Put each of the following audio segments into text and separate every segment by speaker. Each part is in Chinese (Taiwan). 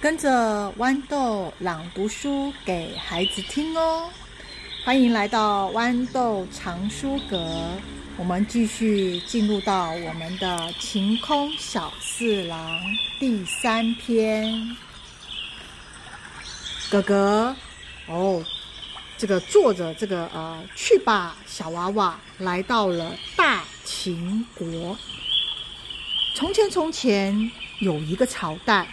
Speaker 1: 跟着豌豆朗讀書給孩子聽哦，歡迎來到豌豆藏書閣，我們繼續進入到我們的《晴空小侍郎》第三篇。哥哥，哦，這個坐着這個呃，去吧，小娃娃來到了大秦國。從前，從前有一個朝代。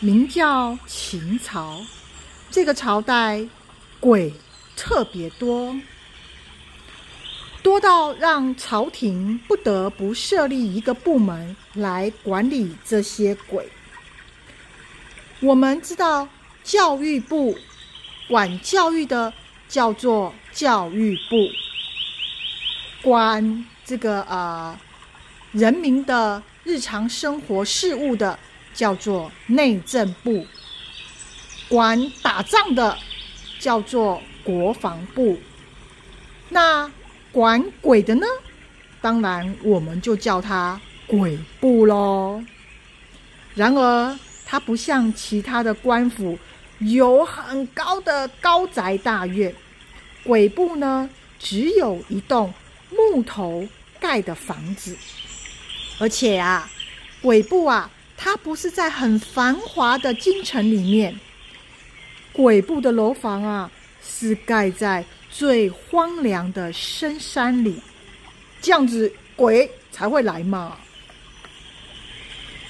Speaker 1: 名叫秦朝，這個朝代鬼特別多，多到讓朝廷不得不設立一個部門來管理這些鬼。我們知道教育部管教育的叫做教育部，管這個呃人民的日常生活事務的，叫做內政部，管打仗的叫做國防部，那管鬼的呢？當然我們就叫它鬼部咯。然而，它不像其他的官府有很高的高宅大院，鬼部呢，只有一棟木頭蓋的房子，而且啊，鬼部啊。它不是在很繁華的京城裡面，鬼部的樓房啊，是蓋在最荒涼的深山裡，這樣子鬼才會來嘛。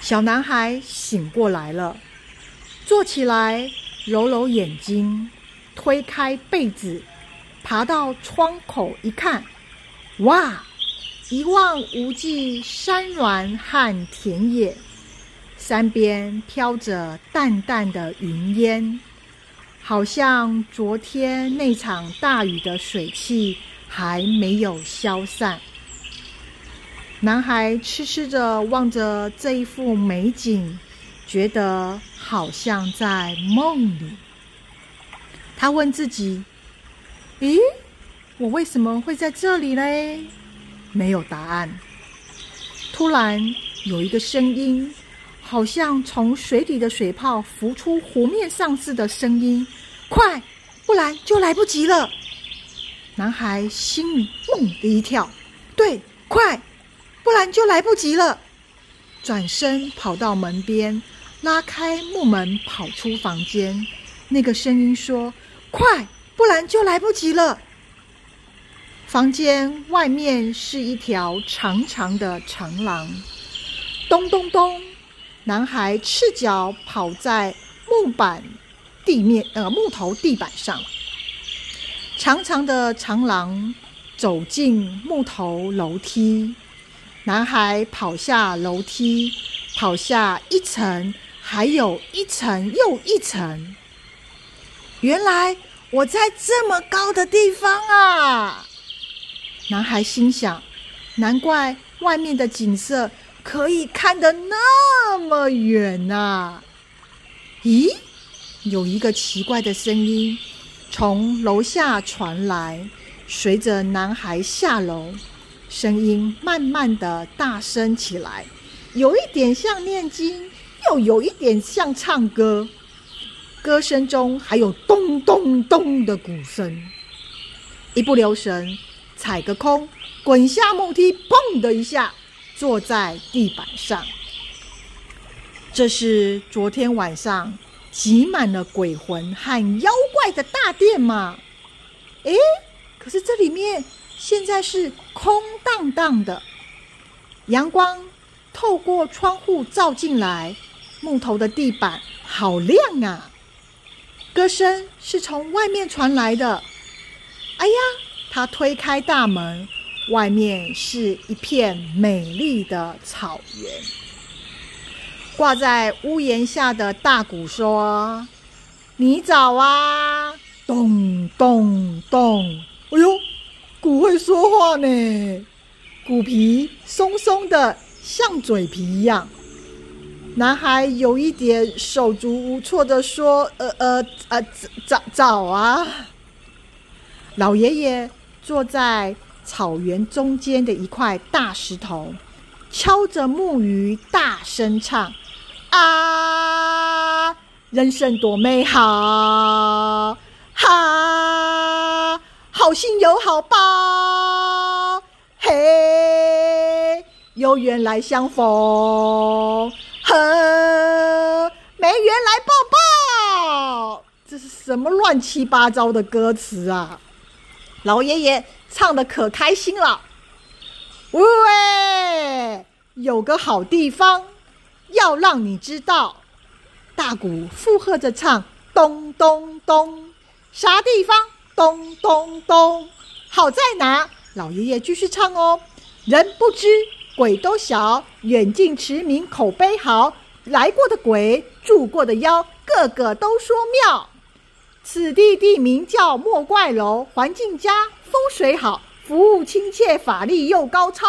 Speaker 1: 小男孩醒過來了，坐起來揉揉眼睛，推開被子，爬到窗口一看，哇，一望無際山巒和田野。山邊飄着淡淡的雲煙，好像昨天那場大雨的水汽還沒有消散。男孩痴痴着望着這一幅美景，覺得好像在夢裡。他問自己：“咦，我為什麼會在這裡嘞？”沒有答案。突然，有一個聲音。好像從水底的水泡浮出湖面上似的。聲音，快，不然就來不及了。男孩心裡猛地一跳，對，快，不然就來不及了。轉身跑到門邊，拉開木門，跑出房間。那個聲音說：“快，不然就來不及了。”房間外面是一條長長的長廊，咚咚咚。男孩赤腳跑在木板地面，呃，木頭地板上。長長的長廊，走進木頭樓梯。男孩跑下樓梯，跑下一層，還有一層又一層。原來我在這麼高的地方啊！男孩心想，難怪外面的景色可以看得那麼遠吶，啊！咦，有一個奇怪的聲音從樓下傳來，隨着男孩下樓，聲音慢慢的大聲起來，有一點像念經，又有一點像唱歌。歌聲中還有咚咚咚的鼓聲。一不留神，踩個空，滾下木梯，砰的一下。坐在地板上，這是昨天晚上擠滿了鬼魂和妖怪的大殿嘛？誒，可是這裡面現在是空蕩蕩的。陽光透過窗戶照進來，木頭的地板好亮啊！歌聲是從外面傳來的。哎呀，他推開大門。外面是一片美麗的草原。掛在屋檐下的大鼓說：“你早啊！”咚咚咚，咚！哎呦，鼓會說話呢，鼓皮鬆松的，像嘴皮一樣。男孩有一點手足無措的說：“呃呃呃，早、啊、早早啊！”老爺爺坐在。草原中間的一塊大石頭，敲着木魚，大聲唱：啊，人生多美好，哈、啊，好心有好報，嘿，有緣來相逢，呵，沒緣來抱抱。這是什麼亂七八糟的歌詞啊？老爺爺唱得可開心了，喂，有個好地方，要讓你知道。大鼓附和着唱，咚咚咚，啥地方？咚咚咚，好在哪？老爺爺繼續唱哦，人不知鬼都曉，遠近馳名，口碑好，來過的鬼，住過的妖，個個都說妙。此地地名叫莫怪樓，環境佳，風水好，服務親切，法力又高超。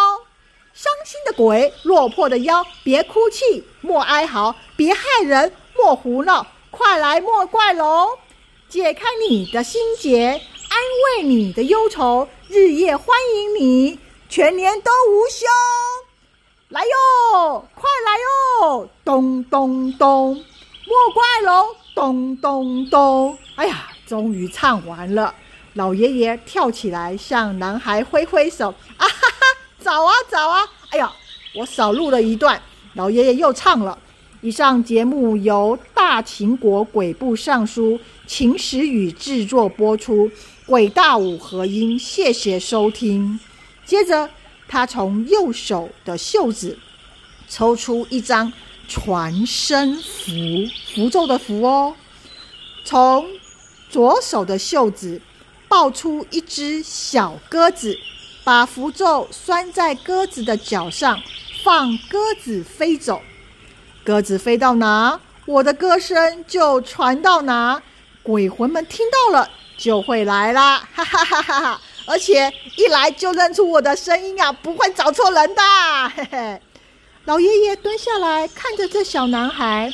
Speaker 1: 傷心的鬼，落魄的妖，別哭泣，莫哀嚎，別害人，莫胡鬧，快來莫怪樓，解開你的心結，安慰你的憂愁，日夜歡迎你，全年都無休。來喲，快來喲，咚咚咚。莫怪嘍，咚咚咚！哎呀，終於唱完了。老爺爺跳起來，向男孩揮揮手。啊哈哈，早啊，早啊！哎呀，我少錄了一段。老爺爺又唱了。以上節目由大秦國鬼部尚書秦時雨製作播出，鬼大五合音。謝謝收聽。接着，他從右手的袖子抽出一張。傳聲符，符咒的符哦。從左手的袖子抱出一隻小鴿子，把符咒拴在鴿子的腳上，放鴿子飛走。鴿子飛到哪，我的歌聲就傳到哪，鬼魂們聽到了就會來啦，哈哈哈哈哈！而且一來就認出我的聲音啊，不會找錯人的，嘿嘿。老爺爺蹲下來，看着這小男孩，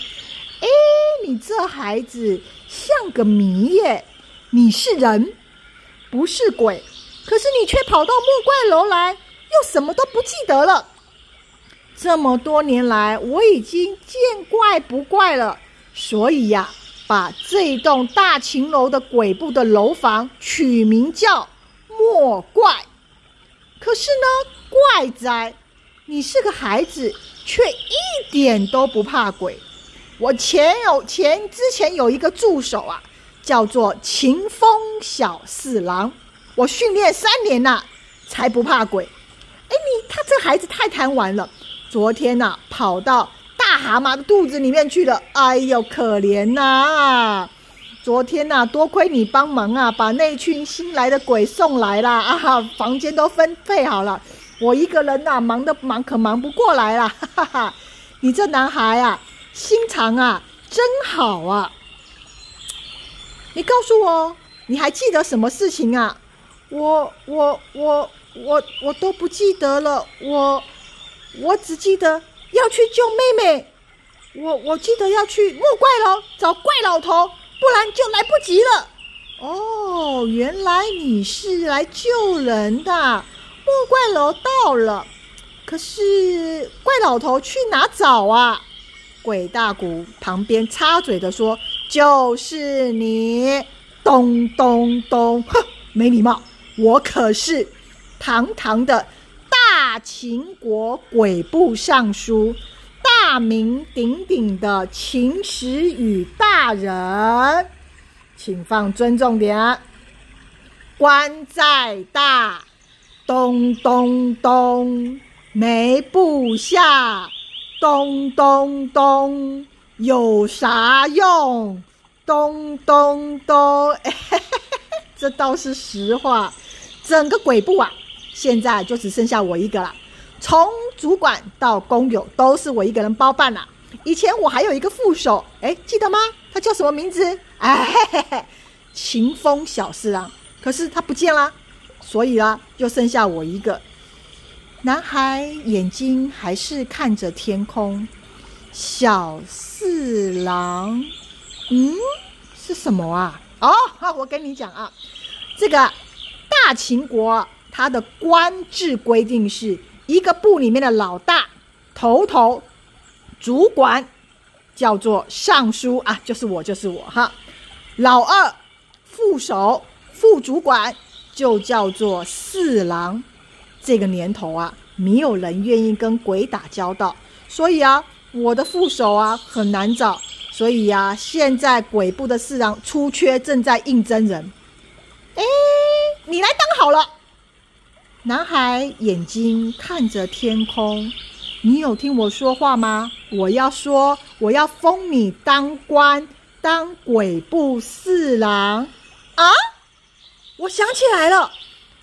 Speaker 1: 哎，你這孩子像個謎耶！你是人，不是鬼，可是你卻跑到莫怪樓來，又什麼都不記得了。這麼多年來，我已經見怪不怪了，所以呀、啊，把這棟大秦樓的鬼部的樓房取名叫莫怪。可是呢，怪哉！你是個孩子，卻一點都不怕鬼。我前有前之前有一個助手啊，叫做晴空小侍郎。我訓練三年吶，才不怕鬼。哎、欸，你他這孩子太貪玩了，昨天吶、啊、跑到大蛤蟆的肚子裡面去了。哎呦，可憐吶、啊！昨天吶、啊，多虧你幫忙啊，把那群新來的鬼送來了啊，房間都分配好了。我一個人吶、啊，忙得忙可忙不過來啦哈哈哈！你這男孩啊，心腸啊，真好啊！你告訴我，你還記得什麼事情啊？我、我、我、我、我都不記得了，我我只記得要去救妹妹，我我記得要去莫怪樓找怪老頭，不然就來不及了。哦，原來你是來救人的。莫怪樓到了，可是怪老頭去哪找啊？鬼大鼓旁邊插嘴的說：“就是你！”咚咚咚，哼，沒禮貌！我可是堂堂的大秦國鬼部尚書，大名鼎鼎的秦時雨大人，請放尊重點啊，官再大。咚咚咚，沒部下；咚咚咚，有啥用？咚咚咚，欸、嘿嘿，這倒是實話。整個鬼部啊，現在就只剩下我一個了。從主管到工友，都是我一個人包辦啦。以前我還有一個副手，哎、欸，記得嗎？他叫什麼名字？哎、欸、嘿嘿嘿，晴空小侍郎。可是他不見了。所以啊，就剩下我一個。男孩眼睛還是看着天空。小侍郎，嗯，是什麼啊？哦，我跟你講啊，這個大秦國它的官制規定是一個部裡面的老大、頭頭、主管叫做尚書啊，就是我，就是我哈。老二副手副主管。就叫做侍郎。這個年頭啊，沒有人願意跟鬼打交道，所以啊，我的副手啊很難找。所以呀、啊，現在鬼部的侍郎出缺，正在應徵人。誒，你來當好了。男孩眼睛看着天空，你有聽我說話嗎？我要說，我要封你當官，當鬼部侍郎。啊？我想起來了，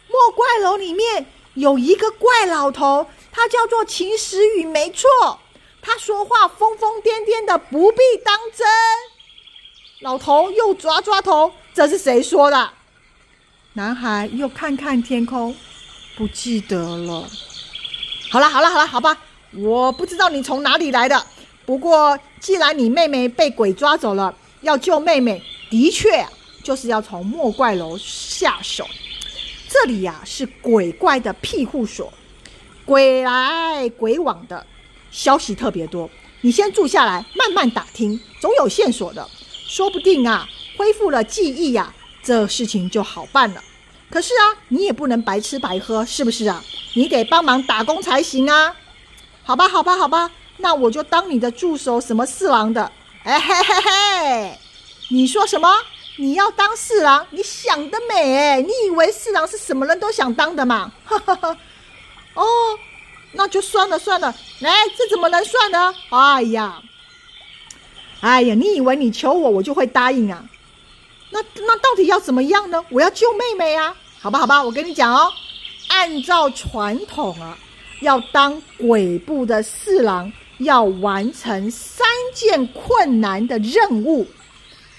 Speaker 1: 莫怪樓裡面有一個怪老頭，他叫做秦時雨，沒錯。他說話瘋瘋癲癲的，不必當真。老頭又抓抓頭，這是誰說的？男孩又看看天空，不記得了。好了，好了，好了，好吧。我不知道你從哪裡來的，不過既然你妹妹被鬼抓走了，要救妹妹，的確。就是要從莫怪樓下手，這裡呀，是鬼怪的庇護所，鬼來鬼往的消息特別多。你先住下來，慢慢打聽，總有線索的。說不定啊，恢復了記憶呀，這事情就好辦了。可是啊，你也不能白吃白喝，是不是啊？你得幫忙打工才行啊。好吧，好吧，好吧，那我就當你的助手，什麼侍郎的。哎嘿嘿嘿，你說什麼？你要當侍郎？你想得美，欸、你以為侍郎是什麼人都想當的嗎？ 哦，那就算了，算了。來，欸，這怎麼能算呢？哎呀，哎呀，你以為你求我，我就會答應啊？那那到底要怎麼樣呢？我要救妹妹呀，啊！好吧，好吧，我跟你講哦，按照傳統啊，要當鬼部的侍郎，要完成三件困難的任務。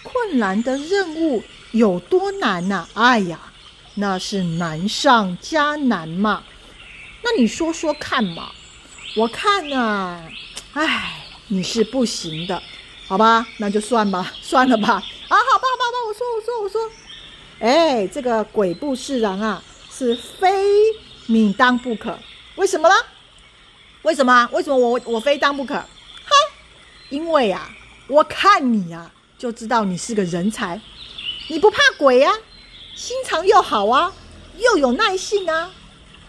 Speaker 1: 困難的任務有多難吶、啊？哎呀，那是難上加難嘛！那你說說看嘛？我看啊，哎，你是不行的，好吧？那就算吧，算了吧。啊，好吧，好吧，好吧！我說，我說，我說。哎，這個鬼不示人啊，是非你當不可。為什麼呢？為什麼、啊？為什麼我我非當不可？哈，因為呀、啊，我看你呀、啊。就知道你是個人才，你不怕鬼啊，心腸又好啊，又有耐性啊。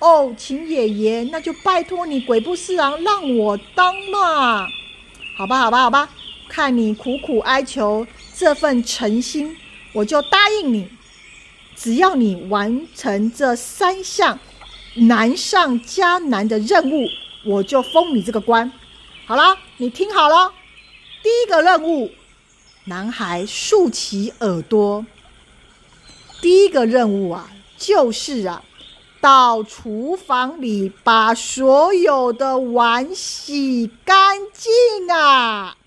Speaker 1: 哦，秦爺爺，那就拜託你鬼部侍郎，讓我當嘛。好吧，好吧，好吧，看你苦苦哀求這份誠心，我就答應你。只要你完成這三項難上加難的任務，我就封你這個官。好了，你聽好了，第一個任務。男孩豎起耳朵，第一個任務啊，就是啊，到廚房裡把所有的碗洗乾淨啊。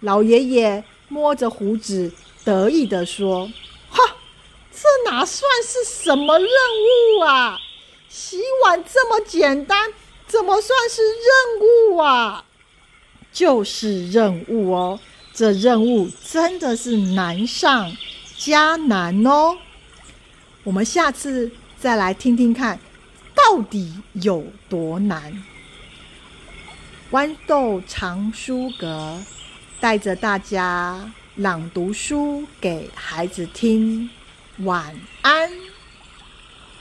Speaker 1: 老爺爺摸着鬍子得意地說：“哈，這哪算是什麼任務啊？洗碗這麼簡單，怎麼算是任務啊？就是任務哦。”這任務真的是難上加難哦！我們下次再來聽聽看，到底有多難。豌豆藏書閣帶着大家朗讀書給孩子聽，晚安。